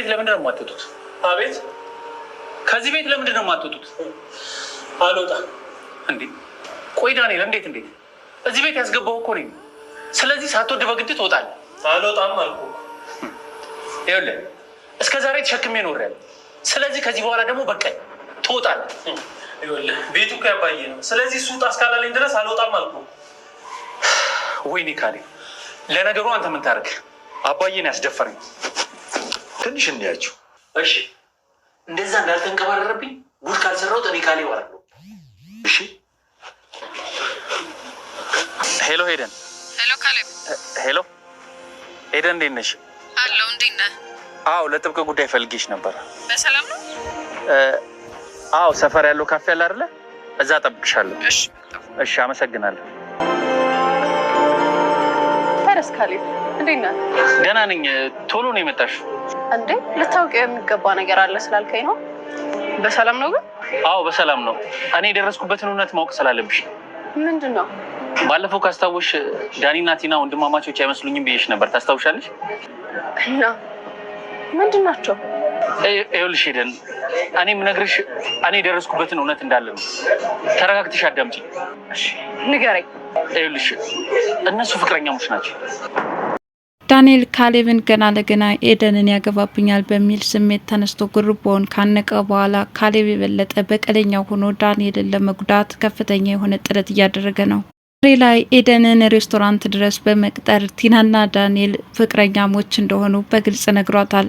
ቤት ለምንድን ነው የማትወጡት? አቤት፣ ከዚህ ቤት ለምንድን ነው የማትወጡት? አልወጣም። እንዴ ቆይ ዳንኤል፣ እንዴት እንዴት እዚህ ቤት ያስገባው እኮ ነኝ። ስለዚህ ሳትወድ በግድ ትወጣል? አልወጣም አልኩ። ይኸውልህ እስከ ዛሬ ተሸክሜ ኖሬያለሁ። ስለዚህ ከዚህ በኋላ ደግሞ በቀኝ ትወጣል። ይኸውልህ ቤቱ እኮ ያባዬ ነው። ስለዚህ እሱ ውጣ እስካላለኝ ድረስ አልወጣም አልኩ። ወይኔ ካሌ፣ ለነገሩ አንተ ምን ታደርግ፣ አባዬን ያስደፈረኝ ትንሽ እንያቸው። እሺ፣ እንደዛ እንዳልተንቀባረረብኝ ጉድ ካልሰራው ጥኔ ካሌ ይዋራሉ። እሺ። ሄሎ ሄደን። ሄሎ ካሌ። ሄሎ ሄደን፣ እንዴት ነሽ? አለሁ። እንዴት ነህ? አዎ፣ ለጥብቅ ጉዳይ ፈልጌሽ ነበረ። በሰላም ነው? አዎ፣ ሰፈር ያለው ካፌ አለ አይደለ? እዛ ጠብቅሻለሁ። እሺ፣ አመሰግናለሁ። ካሌብ እንዴት ነህ? ገና ነኝ። ቶሎ ነው የመጣሽው? እንዴ ልታውቂው የሚገባ ነገር አለ ስላልከኝ ነው። በሰላም ነው ግን? አዎ በሰላም ነው። እኔ የደረስኩበትን እውነት ማወቅ ስላለብሽ። ምንድን ነው? ባለፈው ካስታወሽ ዳኒና ቲና ወንድማማቾች አይመስሉኝም ብዬሽ ነበር። ታስታውሻለሽ? እና ምንድን ናቸው? ይኸውልሽ ሄደን እኔ የምነግርሽ እኔ የደረስኩበትን እውነት እንዳለ ነው። ተረጋግተሽ አዳምጪኝ። ንገረኝ። ይኸውልሽ እነሱ ፍቅረኛሞች ናቸው። ዳንኤል ካሌብን ገና ለገና ኤደንን ያገባብኛል በሚል ስሜት ተነስቶ ጉርቦውን ካነቀ በኋላ ካሌብ የበለጠ በቀለኛው ሆኖ ዳንኤልን ለመጉዳት ከፍተኛ የሆነ ጥረት እያደረገ ነው። ሬ ላይ ኤደንን ሬስቶራንት ድረስ በመቅጠር ቲናና ዳንኤል ፍቅረኛሞች እንደሆኑ በግልጽ ነግሯታል።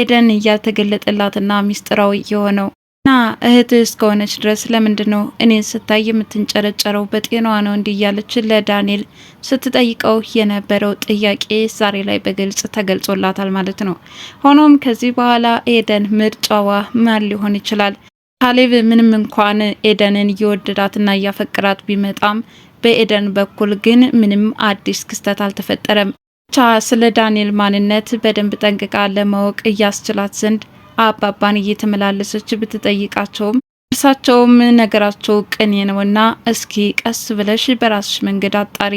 ኤደን እያልተገለጠላትና ሚስጥራዊ የሆነው እና እህትህ እስከሆነች ድረስ ለምንድ ነው እኔን ስታይ የምትንጨረጨረው? በጤናዋ ነው እንዲህ እያለች ለዳንኤል ስትጠይቀው የነበረው ጥያቄ ዛሬ ላይ በግልጽ ተገልጾላታል ማለት ነው። ሆኖም ከዚህ በኋላ ኤደን ምርጫዋ ማን ሊሆን ይችላል? ካሌብ ምንም እንኳን ኤደንን እየወደዳትና እያፈቅራት ቢመጣም በኤደን በኩል ግን ምንም አዲስ ክስተት አልተፈጠረም። ብቻ ስለ ዳንኤል ማንነት በደንብ ጠንቅቃ ለማወቅ እያስችላት ዘንድ አባባን እየተመላለሰች ብትጠይቃቸውም እርሳቸውም ነገራቸው ቅኔ ነውና እስኪ ቀስ ብለሽ በራስሽ መንገድ አጣሪ፣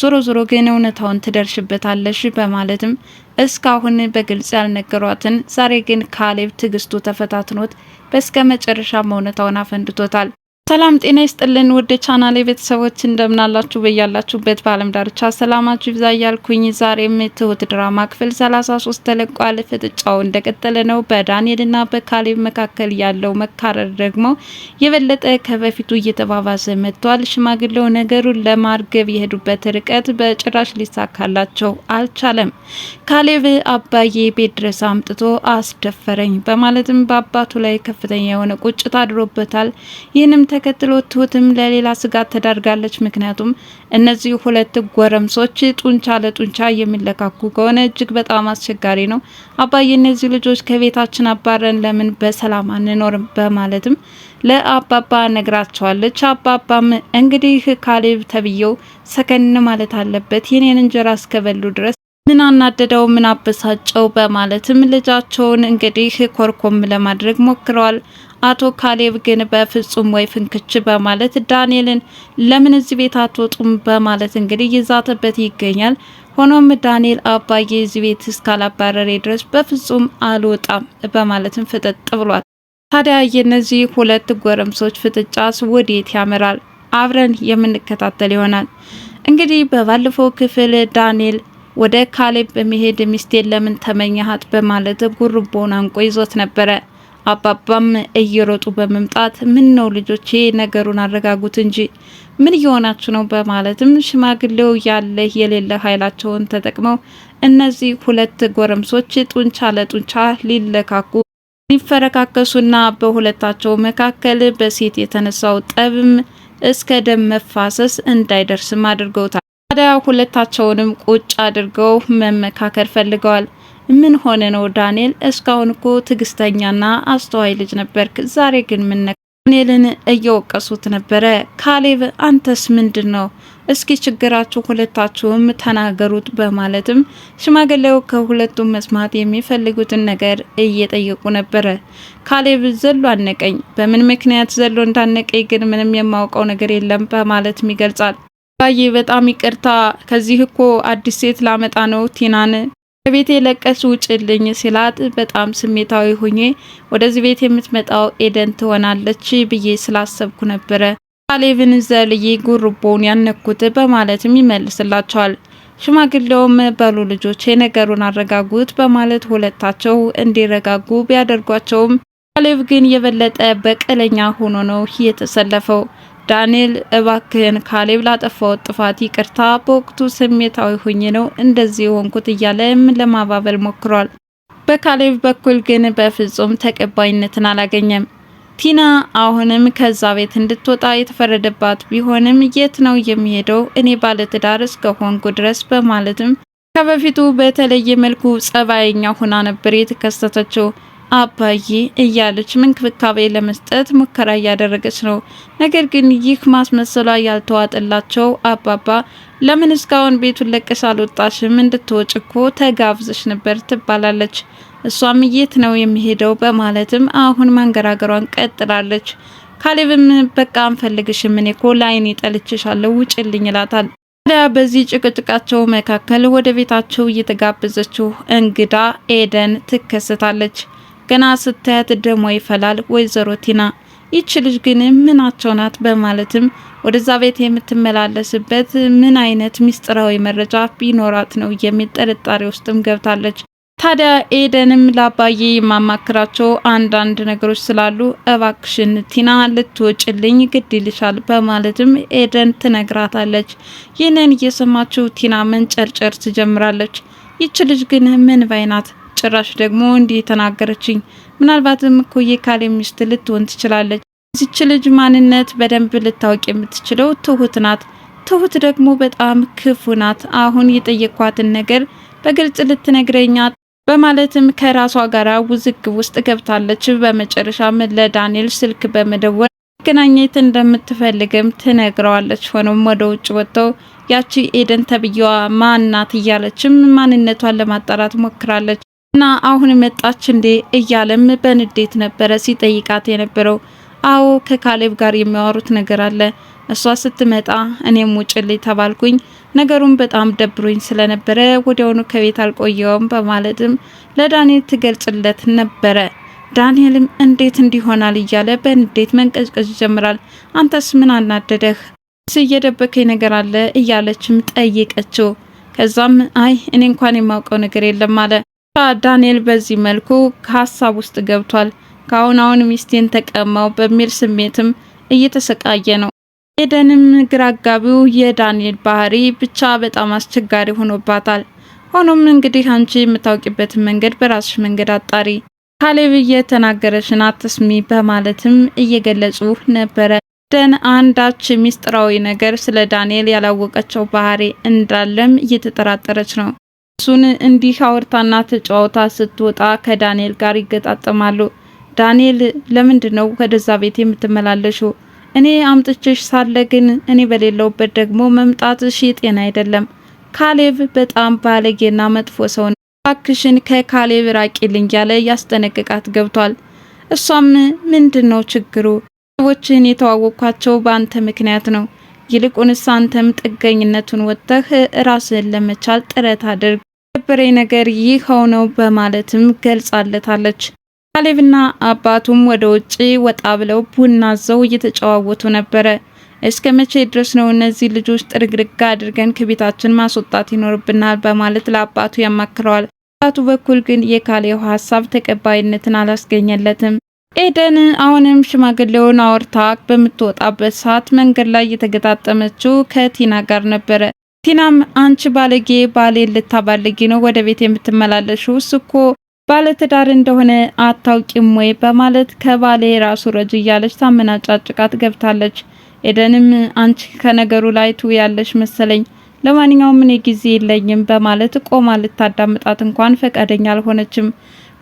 ዞሮ ዞሮ ግን እውነታውን ትደርሽበታለሽ በማለትም እስካሁን በግልጽ ያልነገሯትን ዛሬ ግን ካሌብ ትዕግስቱ ተፈታትኖት በስከ መጨረሻ እውነታውን አፈንድቶታል። ሰላም ጤና ይስጥልን ውድ ቻናሌ ቤተሰቦች እንደምናላችሁ በያላችሁበት በአለም ዳርቻ ሰላማችሁ ይብዛ እያልኩኝ ዛሬም ትሁት ድራማ ክፍል 33 ተለቋል። ፍጥጫው እንደቀጠለ ነው። በዳንኤልና በካሌብ መካከል ያለው መካረር ደግሞ የበለጠ ከበፊቱ እየተባባሰ መጥቷል። ሽማግሌው ነገሩን ለማርገብ የሄዱበት ርቀት በጭራሽ ሊሳካላቸው አልቻለም። ካሌብ አባዬ ቤት ድረስ አምጥቶ አስደፈረኝ በማለትም በአባቱ ላይ ከፍተኛ የሆነ ቁጭት አድሮበታል። ይህንም ተከትሎ ትሁትም ለሌላ ስጋት ተዳርጋለች። ምክንያቱም እነዚህ ሁለት ጎረምሶች ጡንቻ ለጡንቻ የሚለካኩ ከሆነ እጅግ በጣም አስቸጋሪ ነው። አባዬ እነዚህ ልጆች ከቤታችን አባረን ለምን በሰላም አንኖርም? በማለትም ለአባባ ነግራቸዋለች። አባባም እንግዲህ ካሌብ ተብዬው ሰከን ማለት አለበት የኔን እንጀራ እስከበሉ ድረስ ምን አናደደው? ምን አበሳጨው? በማለትም ልጃቸውን እንግዲህ ኮርኮም ለማድረግ ሞክረዋል። አቶ ካሌብ ግን በፍጹም ወይ ፍንክች በማለት ዳንኤልን ለምን እዚህ ቤት አትወጡም በማለት እንግዲህ ይዛተበት ይገኛል። ሆኖም ዳንኤል አባዬ እዚህ ቤት እስካላባረሬ ድረስ በፍጹም አልወጣም በማለትም ፍጥጥ ብሏል። ታዲያ የነዚህ ሁለት ጎረምሶች ፍጥጫስ ወዴት ያመራል? አብረን የምንከታተል ይሆናል። እንግዲህ በባለፈው ክፍል ዳንኤል ወደ ካሌብ በመሄድ ሚስቴን ለምን ተመኘሃት በማለት ጉርቦን አንቆ ይዞት ነበረ። አባባም እየሮጡ በመምጣት ምን ነው ልጆቼ ነገሩን አረጋጉት እንጂ ምን እየሆናችሁ ነው? በማለትም ሽማግሌው ያለ የሌለ ኃይላቸውን ተጠቅመው እነዚህ ሁለት ጎረምሶች ጡንቻ ለጡንቻ ሊለካኩ ሊፈረካከሱና በሁለታቸው መካከል በሴት የተነሳው ጠብም እስከ ደም መፋሰስ እንዳይደርስም አድርገውታል። ታዲያ ሁለታቸውንም ቁጭ አድርገው መመካከር ፈልገዋል። ምን ሆነ ነው ዳንኤል? እስካሁን እኮ ትዕግስተኛና አስተዋይ ልጅ ነበርክ፣ ዛሬ ግን ምን ዳንኤልን እየወቀሱት ነበረ። ካሌብ አንተስ ምንድን ነው? እስኪ ችግራችሁ ሁለታችሁም ተናገሩት በማለትም ሽማግሌው ከሁለቱም መስማት የሚፈልጉትን ነገር እየጠየቁ ነበረ። ካሌብ ዘሎ አነቀኝ፣ በምን ምክንያት ዘሎ እንዳነቀኝ ግን ምንም የማውቀው ነገር የለም በማለትም ይገልጻል። ባዬ በጣም ይቅርታ፣ ከዚህ እኮ አዲስ ሴት ላመጣ ነው ቲናን ከቤት የለቀስ ውጭልኝ ሲላት በጣም ስሜታዊ ሆኜ ወደዚህ ቤት የምትመጣው ኤደን ትሆናለች ብዬ ስላሰብኩ ነበረ ካሌብን ዘልዬ ጉርቦውን ያነኩት በማለትም ይመልስላቸዋል። ሽማግሌውም በሉ ልጆች የነገሩን አረጋጉት በማለት ሁለታቸው እንዲረጋጉ ቢያደርጓቸውም ካሌብ ግን የበለጠ በቀለኛ ሆኖ ነው የተሰለፈው። ዳንኤል እባክህን ካሌብ ላጠፋው ጥፋት ይቅርታ፣ በወቅቱ ስሜታዊ ሆኜ ነው እንደዚህ የሆንኩት እያለም ለማባበል ሞክሯል። በካሌብ በኩል ግን በፍጹም ተቀባይነትን አላገኘም። ቲና አሁንም ከዛ ቤት እንድትወጣ የተፈረደባት ቢሆንም የት ነው የሚሄደው እኔ ባለትዳር እስከሆንኩ ድረስ በማለትም ከበፊቱ በተለየ መልኩ ጸባይኛ ሆና ነበር የተከሰተችው። አባዬ እያለች እንክብካቤ ለመስጠት ሙከራ እያደረገች ነው። ነገር ግን ይህ ማስመሰሏ ያልተዋጠላቸው አባባ ለምን እስካሁን ቤቱን ለቀሽ አልወጣሽም? እንድትወጭ እኮ ተጋብዘሽ ነበር ትባላለች። እሷም የት ነው የሚሄደው በማለትም አሁን ማንገራገሯን ቀጥላለች። ካሌብም በቃ አንፈልግሽም፣ እኔ እኮ ላይኔ ጠልቼሻለሁ፣ ውጭልኝ ይላታል። ታዲያ በዚህ ጭቅጭቃቸው መካከል ወደ ቤታቸው እየተጋበዘችው እንግዳ ኤደን ትከሰታለች። ገና ስታያት ደሞ ይፈላል። ወይዘሮ ቲና ይች ልጅ ግን ምናቸው ናት በማለትም ወደዛ ቤት የምትመላለስበት ምን አይነት ምስጥራዊ መረጃ ቢኖራት ነው የሚል ጥርጣሬ ውስጥም ገብታለች። ታዲያ ኤደንም ላባዬ የማማክራቸው አንዳንድ ነገሮች ስላሉ እባክሽን ቲና ልትወጭልኝ ግድ ይልሻል በማለትም ኤደን ትነግራታለች። ይህንን እየሰማችው ቲና መንጨርጨር ትጀምራለች። ይች ልጅ ግን ምን ባይ ናት? ጭራሽ ደግሞ እንዲህ ተናገረችኝ ምናልባትም እኮ የካሌ ሚስት ልትሆን ትችላለች። እዚች ልጅ ማንነት በደንብ ልታወቅ የምትችለው ትሁት ናት። ትሁት ደግሞ በጣም ክፉ ናት። አሁን የጠየኳትን ነገር በግልጽ ልትነግረኛ በማለትም ከራሷ ጋራ ውዝግብ ውስጥ ገብታለች። በመጨረሻም ለዳንኤል ስልክ በመደወል መገናኘት እንደምትፈልግም ትነግረዋለች። ሆኖም ወደ ውጭ ወጥተው ያቺ ኤደን ተብዬዋ ማናት እያለችም ማንነቷን ለማጣራት ሞክራለች። እና አሁን መጣች እንዴ እያለም በንዴት ነበረ ሲጠይቃት የነበረው። አዎ ከካሌብ ጋር የሚያወሩት ነገር አለ። እሷ ስትመጣ እኔም ውጭልኝ ተባልኩኝ። ነገሩን በጣም ደብሮኝ ስለነበረ ወዲያውኑ ከቤት አልቆየውም በማለትም ለዳንኤል ትገልጽለት ነበረ። ዳንኤልም እንዴት እንዲሆናል እያለ በንዴት መንቀዝቀዝ ይጀምራል። አንተስ ምን አናደደህ? ስየደበከኝ እየደበከኝ ነገር አለ እያለችም ጠይቀችው። ከዛም አይ እኔ እንኳን የማውቀው ነገር የለም አለ ዳንኤል በዚህ መልኩ ከሀሳብ ውስጥ ገብቷል። ከአሁን አሁን ሚስቴን ተቀማው በሚል ስሜትም እየተሰቃየ ነው። ኤደንም ግራ አጋቢው የዳንኤል ባህሪ ብቻ በጣም አስቸጋሪ ሆኖባታል። ሆኖም እንግዲህ አንቺ የምታውቂበትን መንገድ በራስሽ መንገድ አጣሪ፣ ካሌብ የተናገረሽን አትስሚ በማለትም እየገለጹ ነበረ። ደን አንዳች ሚስጥራዊ ነገር ስለ ዳንኤል ያላወቀችው ባህሪ እንዳለም እየተጠራጠረች ነው። እሱን እንዲህ አውርታና ተጫዋታ ስትወጣ ከዳንኤል ጋር ይገጣጠማሉ። ዳንኤል ለምንድን ነው ወደዛ ቤት የምትመላለሽው? እኔ አምጥቼሽ ሳለ ግን እኔ በሌለውበት ደግሞ መምጣትሽ ጤና አይደለም። ካሌብ በጣም ባለጌና መጥፎ ሰው ነው። እባክሽን ከካሌብ ራቂልኝ ያለ ያስጠነቅቃት ገብቷል። እሷም ምንድን ነው ችግሩ? ሰዎችን የተዋወቅኳቸው በአንተ ምክንያት ነው። ይልቁንስ አንተም ጥገኝነቱን ወጥተህ ራስን ለመቻል ጥረት አድርግ የነበረኝ ነገር ይህ ሆነው በማለትም ገልጻለታለች። ካሌብና አባቱም ወደ ውጪ ወጣ ብለው ቡና ዘው እየተጨዋወቱ ነበረ። እስከ መቼ ድረስ ነው እነዚህ ልጆች ጥርግርግ አድርገን ከቤታችን ማስወጣት ይኖርብናል? በማለት ለአባቱ ያማክረዋል። አባቱ በኩል ግን የካሌው ሀሳብ ተቀባይነትን አላስገኘለትም። ኤደን አሁንም ሽማግሌውን አውርታ በምትወጣበት ሰዓት መንገድ ላይ የተገጣጠመችው ከቲና ጋር ነበረ። ቲናም አንቺ ባለጌ ባሌ ልታባልጊ ነው ወደ ቤት የምትመላለሽው? እሱ እኮ ባለትዳር እንደሆነ አታውቂም ወይ? በማለት ከባሌ ራሱ ረጅ እያለች ታመናጫጭቃት ገብታለች። ኤደንም አንቺ ከነገሩ ላይ ቱ ያለሽ መሰለኝ፣ ለማንኛውም እኔ ጊዜ የለኝም በማለት ቆማ ልታዳምጣት እንኳን ፈቃደኛ አልሆነችም።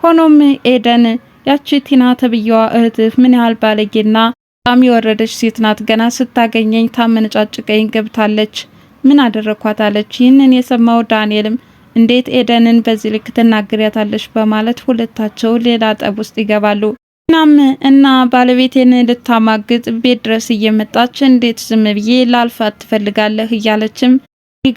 ሆኖም ኤደን ያቺ ቲና ተብዬዋ እህትህ ምን ያህል ባለጌና በጣም የወረደች ሴት ናት፣ ገና ስታገኘኝ ታመነጫጭቀኝ ገብታለች ምን አደረኳት አለች። ይህንን የሰማው ዳንኤልም እንዴት ኤደንን በዚህ ልክ ትናገሪያታለች በማለት ሁለታቸው ሌላ ጠብ ውስጥ ይገባሉ። እናም እና ባለቤቴን ልታማግጥ ቤት ድረስ እየመጣች እንዴት ዝም ብዬ ላልፋት ትፈልጋለህ እያለችም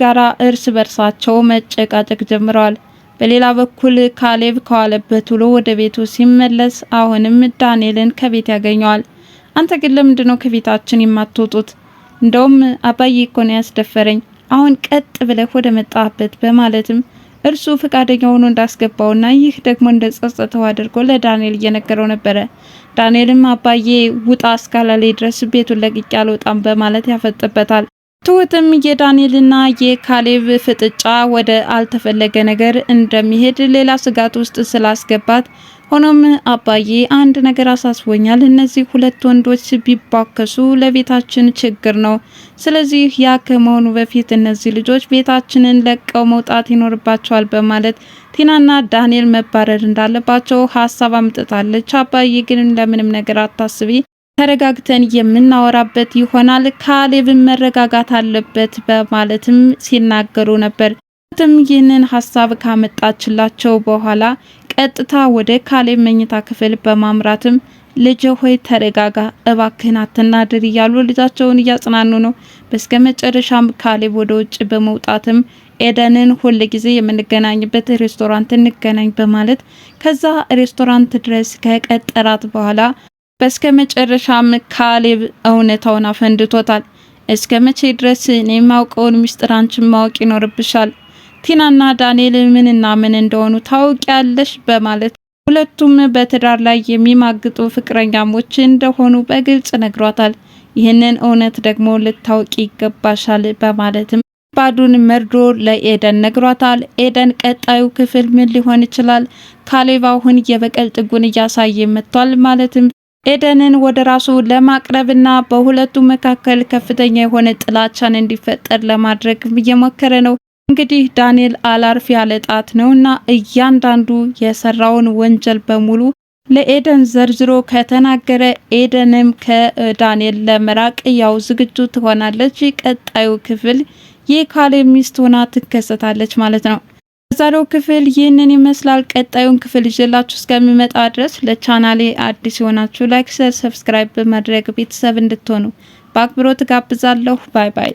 ጋራ እርስ በርሳቸው መጨቃጨቅ ጀምረዋል። በሌላ በኩል ካሌብ ከዋለበት ውሎ ወደ ቤቱ ሲመለስ አሁንም ዳንኤልን ከቤት ያገኘዋል። አንተ ግን ለምንድነው ከቤታችን የማትወጡት? እንደውም አባዬ እኮ ነው ያስደፈረኝ፣ አሁን ቀጥ ብለህ ወደ መጣህበት በማለትም እርሱ ፈቃደኛ ሆኖ እንዳስገባውና ይህ ደግሞ እንደ ጸጸተው አድርጎ ለዳንኤል እየነገረው ነበረ። ዳንኤልም አባዬ ውጣ እስካላለ ድረስ ቤቱን ለቅቄ አልወጣም በማለት ያፈጥበታል። ትሁትም የዳንኤልና የካሌብ ፍጥጫ ወደ አልተፈለገ ነገር እንደሚሄድ ሌላ ስጋት ውስጥ ስላስገባት ሆኖም አባዬ አንድ ነገር አሳስቦኛል። እነዚህ ሁለት ወንዶች ቢባከሱ ለቤታችን ችግር ነው። ስለዚህ ያ ከመሆኑ በፊት እነዚህ ልጆች ቤታችንን ለቀው መውጣት ይኖርባቸዋል በማለት ቲናና ዳንኤል መባረር እንዳለባቸው ሀሳብ አምጥታለች። አባዬ ግን ለምንም ነገር አታስቢ ተረጋግተን የምናወራበት ይሆናል። ካሌብ መረጋጋት አለበት በማለትም ሲናገሩ ነበር። ትም ይህንን ሀሳብ ካመጣችላቸው በኋላ ቀጥታ ወደ ካሌብ መኝታ ክፍል በማምራትም ልጅ ሆይ ተረጋጋ፣ እባክህን አትናድር እያሉ ልጃቸውን እያጽናኑ ነው። በስከ መጨረሻም ካሌብ ወደ ውጭ በመውጣትም ኤደንን ሁል ጊዜ የምንገናኝበት ሬስቶራንት እንገናኝ በማለት ከዛ ሬስቶራንት ድረስ ከቀጠራት በኋላ በስከ መጨረሻም ካሌብ እውነታውን አፈንድቶታል። እስከ መቼ ድረስ እኔ የማውቀውን ምስጢር አንቺን ማወቅ ይኖርብሻል ቲናና ዳንኤል ምንና ምን እንደሆኑ ታውቂያለሽ በማለት ሁለቱም በትዳር ላይ የሚማግጡ ፍቅረኛሞች እንደሆኑ በግልጽ ነግሯታል። ይህንን እውነት ደግሞ ልታውቂ ይገባሻል በማለትም ባዱን መርዶ ለኤደን ነግሯታል። ኤደን ቀጣዩ ክፍል ምን ሊሆን ይችላል? ካሌብ አሁን የበቀል ጥጉን እያሳየ መጥቷል። ማለትም ኤደንን ወደ ራሱ ለማቅረብና በሁለቱ መካከል ከፍተኛ የሆነ ጥላቻን እንዲፈጠር ለማድረግ እየሞከረ ነው። እንግዲህ ዳንኤል አላርፍ ያለ ጣት ነውና እያንዳንዱ የሰራውን ወንጀል በሙሉ ለኤደን ዘርዝሮ ከተናገረ ኤደንም ከዳንኤል ለመራቅ ያው ዝግጁ ትሆናለች። ቀጣዩ ክፍል የካሌብ ሚስት ሆና ትከሰታለች ማለት ነው። በዛሬው ክፍል ይህንን ይመስላል። ቀጣዩን ክፍል ይዤላችሁ እስከሚመጣ ድረስ ለቻናሌ አዲስ የሆናችሁ ላይክ፣ ሰር፣ ሰብስክራይብ በማድረግ ቤተሰብ እንድትሆኑ በአክብሮት ጋብዛለሁ። ባይ ባይ።